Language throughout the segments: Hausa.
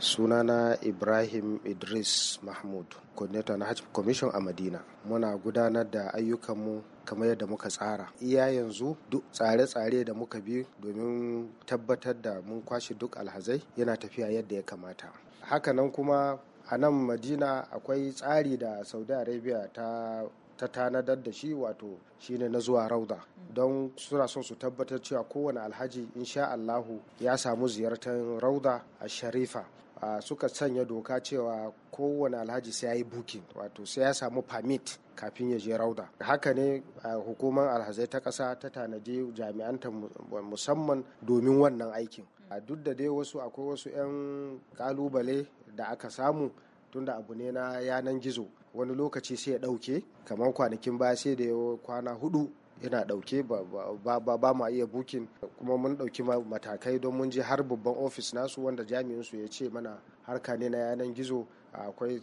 sunana ibrahim idris mahmud coordinator na hajj commission a madina muna gudanar da ayyukanmu kamar yadda muka tsara iya yanzu duk tsare-tsare da muka bi domin tabbatar da mun kwashe duk alhazai yana tafiya yadda ya kamata hakanan kuma a nan madina akwai tsari da saudi arabia ta ta tanadar da shi wato shine na zuwa rauda don suna son su tabbatar cewa kowane alhaji insha Allahu ya samu ziyartar rauda a sharifa suka sanya doka cewa kowane alhaji sai ya yi bukin wato sai ya samu permit kafin ya je rauda haka ne hukumar alhazai ta ƙasa ta tanadi jami'anta musamman domin wannan aikin a duk da dai wasu akwai wasu 'yan kalubale da aka samu tunda abu ne na yanan gizo wani lokaci sai ya ɗauke kamar kwanakin baya sai da kwana hudu yana ɗauke ba ma iya bukin kuma mun ɗauki matakai don mun je har babban ofis nasu wanda jami'in su ya ce mana harka ne na yanan gizo akwai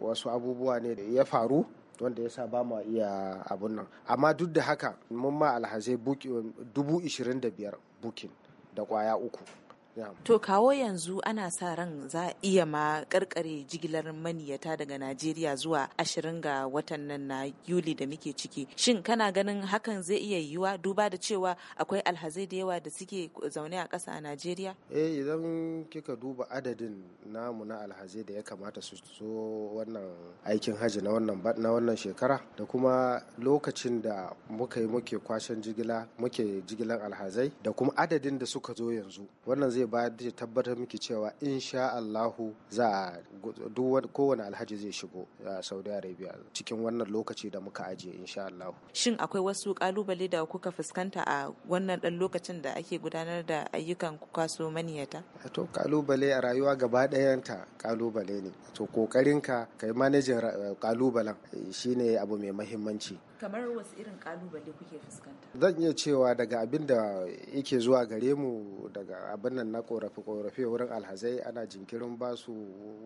wasu abubuwa ne da ya faru wanda ya sa ba mu iya abun nan amma duk da haka mun ma alhazai dubu ishirin biyar bukin da kwaya uku To kawo yanzu ana sa ran za a iya ma karkare jigilar maniyata daga Najeriya zuwa ashirin ga watan nan na Yuli da muke ciki. Shin kana ganin hakan zai iya yiwuwa duba da cewa akwai alhazai da yawa da suke zaune a ƙasa a Najeriya? Eh idan kika duba adadin namu na alhazai da ya kamata su so wannan aikin hajji na wannan na wannan shekara da kuma lokacin da muka yi muke kwashen jigila muke jigilan alhazai da kuma adadin da suka zo yanzu wannan zai bayar da tabbatar miki cewa insha Allahu za a kowane alhaji zai shigo a Saudi Arabia cikin wannan lokaci da muka ajiye insha Allahu. Shin akwai wasu kalubale da kuka fuskanta a wannan dan lokacin da ake gudanar da ayyukan kwaso maniyata? To kalubale a rayuwa gaba ɗayanta kalubale ne. To kokarin ka kai manajin kalubalen eh, eh, shine abu mai mahimmanci. kamar wasu irin kalubale kuke fuskanta zan iya cewa daga abin da yake zuwa gare mu daga abin nan na korafe-korafe wurin alhazai ana jinkirin ba su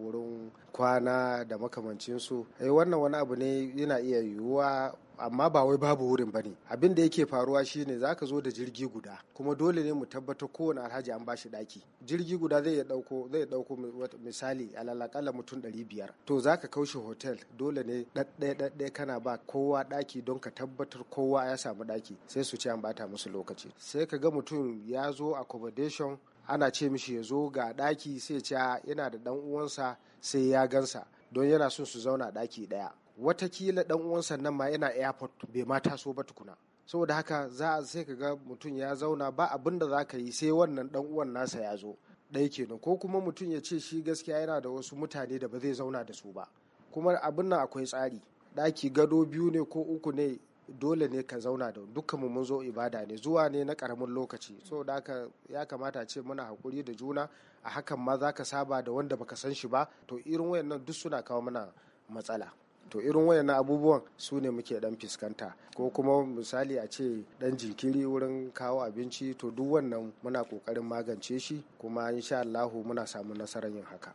wurin kwana da makamancinsu. Eh, wannan wani abu ne yana iya yiwuwa amma ba wai babu wurin bane abin da yake faruwa shine zaka zo da jirgi guda kuma dole ne mu tabbatar kowane alhaji an bashi daki jirgi guda zai dauko zai dauko misali alalakala mutum 500 to zaka kaushe hotel dole ne ɗaɗɗaya kana ba kowa daki don ka tabbatar kowa ya samu daki sai su ce an bata musu lokaci sai ka ga mutum ya zo accommodation ana ce mishi ya zo ga daki sai ce yana da dan uwansa sai ya gansa don yana son su zauna daki ɗaya. watakila dan uwansa nan ma yana airport bai ma taso ba tukuna saboda haka za a sai ka ga mutum ya zauna ba abin da za ka yi sai wannan dan uwan nasa ya zo ɗaya kenan ko kuma mutum ya ce shi gaskiya yana da wasu mutane da ba zai zauna da su ba kuma abin nan akwai tsari ɗaki gado biyu ne ko uku ne dole ne ka zauna da dukkan mu mun zo ibada ne zuwa ne na karamin lokaci saboda haka ya kamata ce muna hakuri da juna a hakan ma za ka saba da wanda baka san shi ba to irin wayannan duk suna kawo mana matsala to irin na abubuwan su ne muke dan fiskanta ko kuma misali a ce dan jinkiri wurin kawo abinci to duk wannan muna kokarin magance shi kuma insha Allahu muna samu nasarar yin haka